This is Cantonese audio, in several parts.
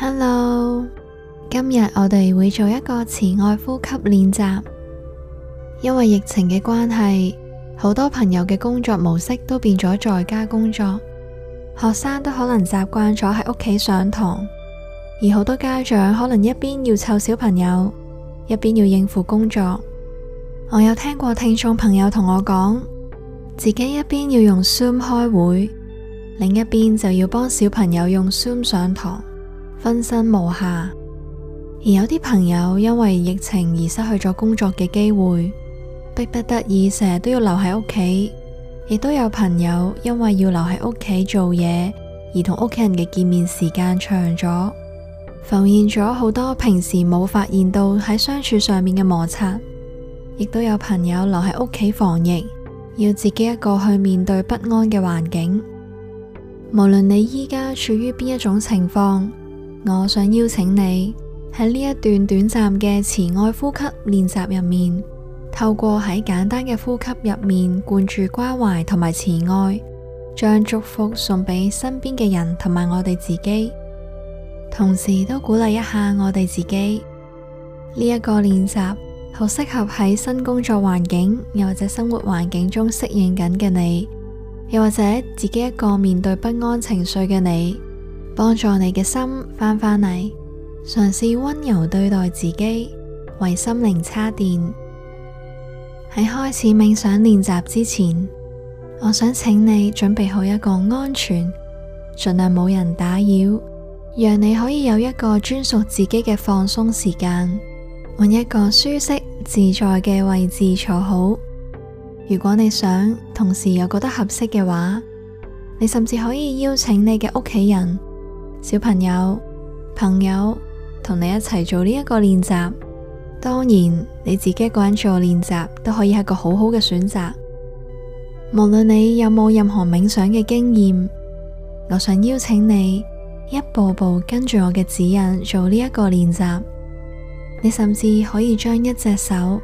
Hello，今日我哋會做一個慈愛呼吸練習。因為疫情嘅關係，好多朋友嘅工作模式都變咗在家工作，學生都可能習慣咗喺屋企上堂，而好多家長可能一邊要湊小朋友，一邊要應付工作。我有聽過聽眾朋友同我講，自己一邊要用 Zoom 開會，另一邊就要幫小朋友用 Zoom 上堂。分身無暇，而有啲朋友因為疫情而失去咗工作嘅機會，逼不得已成日都要留喺屋企；亦都有朋友因為要留喺屋企做嘢而同屋企人嘅見面時間長咗，浮現咗好多平時冇發現到喺相處上面嘅摩擦。亦都有朋友留喺屋企防疫，要自己一個去面對不安嘅環境。無論你依家處於邊一種情況，我想邀請你喺呢一段短暫嘅慈愛呼吸練習入面，透過喺簡單嘅呼吸入面灌注關懷同埋慈愛，將祝福送俾身邊嘅人同埋我哋自己，同時都鼓勵一下我哋自己。呢一個練習好適合喺新工作環境，又或者生活環境中適應緊嘅你，又或者自己一個面對不安情緒嘅你。幫助你嘅心翻返嚟，嘗試溫柔對待自己，為心靈叉電。喺開始冥想練習之前，我想請你準備好一個安全、盡量冇人打擾，讓你可以有一個專屬自己嘅放鬆時間。揾一個舒適自在嘅位置坐好。如果你想，同時又覺得合適嘅話，你甚至可以邀請你嘅屋企人，小朋友，朋友同你一齊做呢一個練習，當然你自己個人做練習都可以係一個好好嘅選擇。無論你有冇任何冥想嘅經驗，我想邀請你一步步跟住我嘅指引做呢一個練習。你甚至可以將一隻手，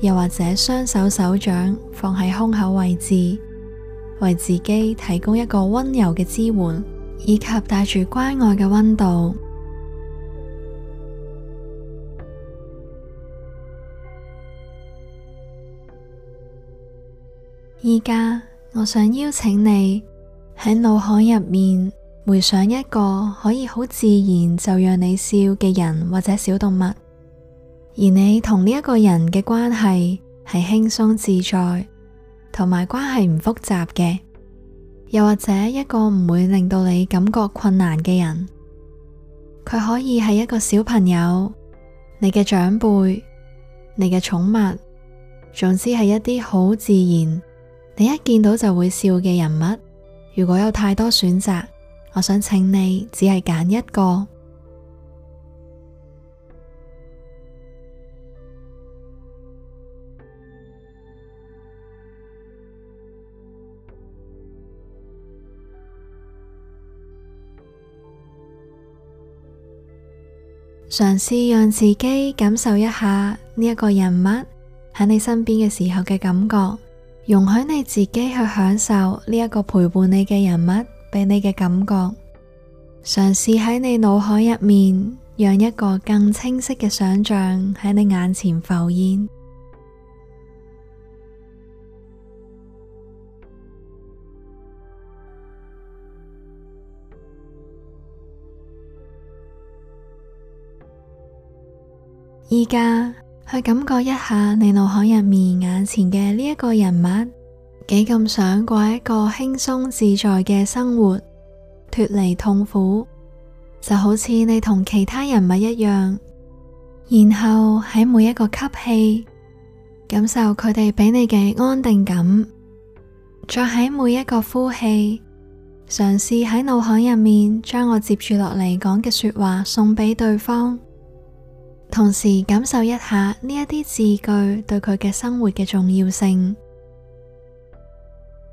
又或者雙手手掌放喺胸口位置，為自己提供一個溫柔嘅支援。以及帶住關愛嘅溫度。而家，我想邀請你喺腦海入面回想一個可以好自然就讓你笑嘅人或者小動物，而你同呢一個人嘅關係係輕鬆自在，同埋關係唔複雜嘅。又或者一個唔會令到你感覺困難嘅人，佢可以係一個小朋友、你嘅長輩、你嘅寵物，總之係一啲好自然，你一見到就會笑嘅人物。如果有太多選擇，我想請你只係揀一個。嘗試讓自己感受一下呢一個人物喺你身邊嘅時候嘅感覺，容許你自己去享受呢一個陪伴你嘅人物俾你嘅感覺。嘗試喺你腦海入面，讓一個更清晰嘅想象喺你眼前浮現。依家去感覺一下你腦海入面眼前嘅呢一個人物幾咁想過一個輕鬆自在嘅生活，脫離痛苦，就好似你同其他人物一樣。然後喺每一個吸氣，感受佢哋俾你嘅安定感，再喺每一個呼氣，嘗試喺腦海入面將我接住落嚟講嘅說話送俾對方。同時感受一下呢一啲字句對佢嘅生活嘅重要性。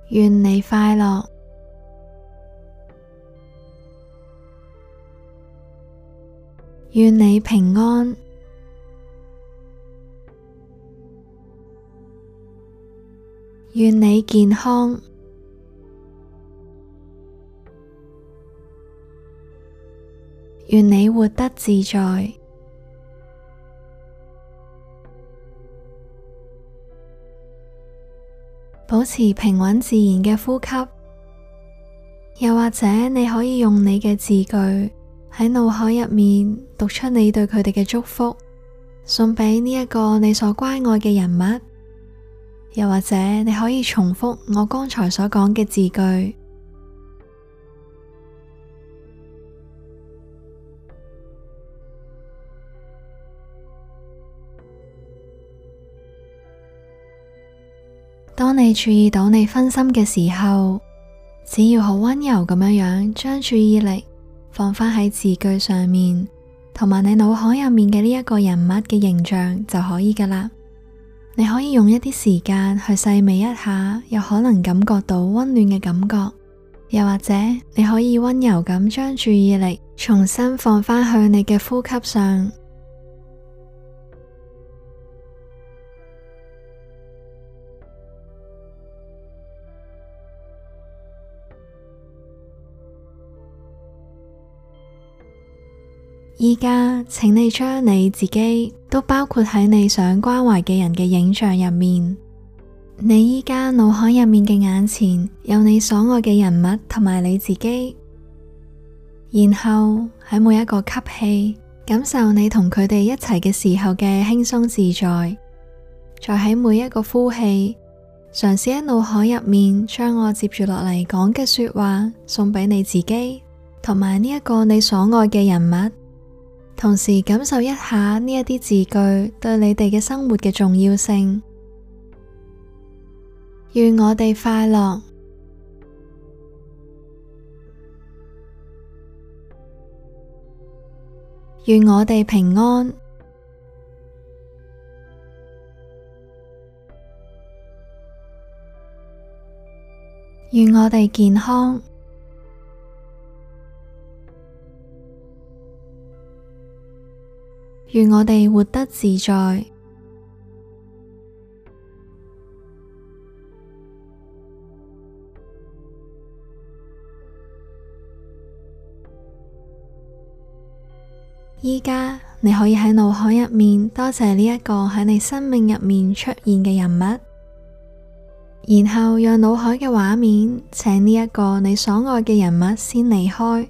願你快樂，願你平安，願你健康，願你活得自在。保持平穩自然嘅呼吸，又或者你可以用你嘅字句喺腦海入面讀出你對佢哋嘅祝福，送俾呢一個你所關愛嘅人物，又或者你可以重複我剛才所講嘅字句。當你注意到你分心嘅時候，只要好溫柔咁樣樣，將注意力放返喺字句上面，同埋你腦海入面嘅呢一個人物嘅形象就可以噶啦。你可以用一啲時間去細味一下，又可能感覺到溫暖嘅感覺，又或者你可以溫柔咁將注意力重新放返去你嘅呼吸上。依家，請你將你自己都包括喺你想關懷嘅人嘅影像入面。你依家腦海入面嘅眼前有你所愛嘅人物同埋你自己，然後喺每一個吸氣，感受你同佢哋一齊嘅時候嘅輕鬆自在；再喺每一個呼氣，嘗試喺腦海入面將我接住落嚟講嘅說話送俾你自己同埋呢一個你所愛嘅人物。同時感受一下呢一啲字句對你哋嘅生活嘅重要性。願我哋快樂，願我哋平安，願我哋健康。願我哋活得自在。而家你可以喺腦海入面多謝呢一個喺你生命入面出現嘅人物，然後讓腦海嘅畫面請呢一個你所愛嘅人物先離開。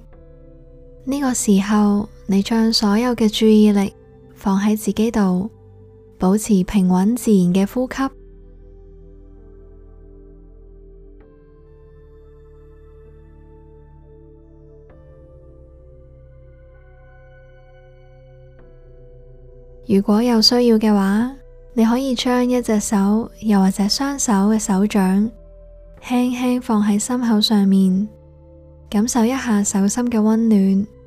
呢個時候，你將所有嘅注意力。放喺自己度，保持平穩自然嘅呼吸。如果有需要嘅話，你可以將一隻手，又或者雙手嘅手掌，輕輕放喺心口上面，感受一下手心嘅溫暖。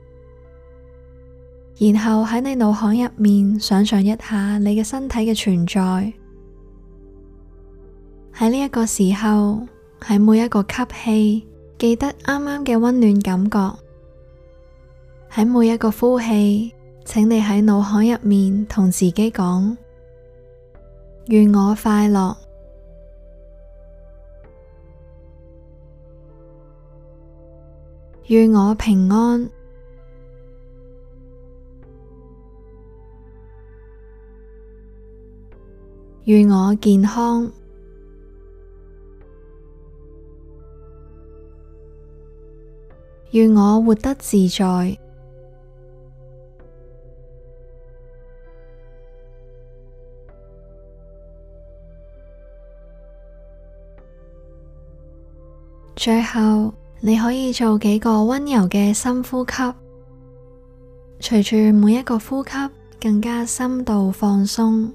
然後喺你腦海入面想象一下你嘅身體嘅存在。喺呢一個時候，喺每一個吸氣，記得啱啱嘅溫暖感覺；喺每一個呼氣，請你喺腦海入面同自己講：願我快樂，願我平安。願我健康，願我活得自在。最後，你可以做幾個温柔嘅深呼吸，隨住每一個呼吸，更加深度放鬆。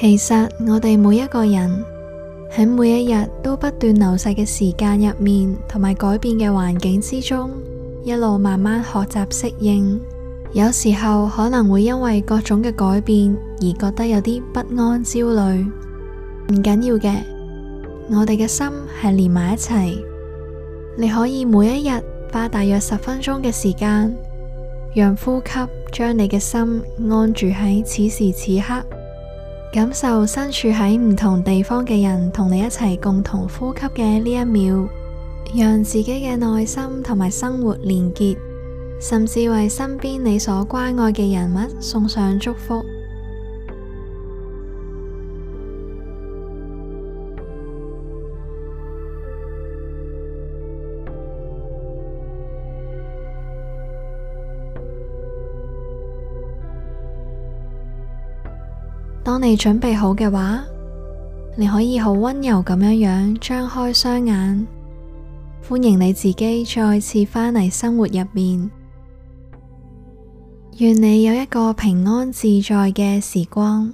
其實我哋每一個人喺每一日都不斷流逝嘅時間入面，同埋改變嘅環境之中，一路慢慢學習適應。有時候可能會因為各種嘅改變而覺得有啲不安、焦慮。唔緊要嘅，我哋嘅心繫連埋一齊。你可以每一日花大約十分鐘嘅時間，讓呼吸將你嘅心安住喺此時此刻。感受身處喺唔同地方嘅人同你一齊共同呼吸嘅呢一秒，讓自己嘅內心同埋生活連結，甚至為身邊你所關愛嘅人物送上祝福。當你準備好嘅話，你可以好溫柔咁樣樣，張開雙眼，歡迎你自己再次返嚟生活入面。願你有一個平安自在嘅時光。